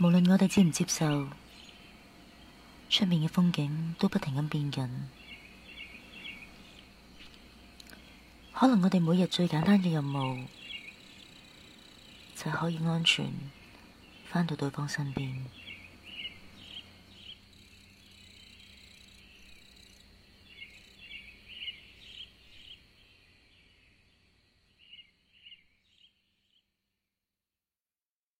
無論我哋接唔接受，出面嘅風景都不停咁變緊，可能我哋每日最簡單嘅任務，就係可以安全返到對方身邊。